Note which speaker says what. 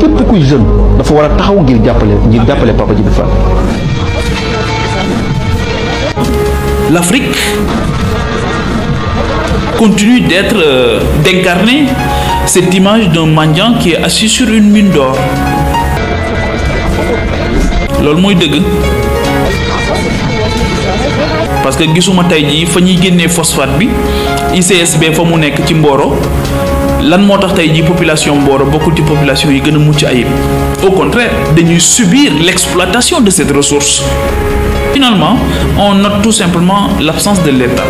Speaker 1: képp kuy jeune dafa war a taxaw ngir jàppale ngir jàppale Papa Djibril Fall.
Speaker 2: L'Afrique continue d'être euh, d'incarner cette image d'un mendiant qui est assis sur une mine d'or loolu mooy dëgg parce que gisuma tey jii fa ñuy génnee phosphate bi ICSB fa mu nekk ci Mboro lan population Mboro beaucoup de population yi mucc ayib au contraire dañuy subir l'exploitation de cette ressource finalement on note tout simplement l'absence de l'État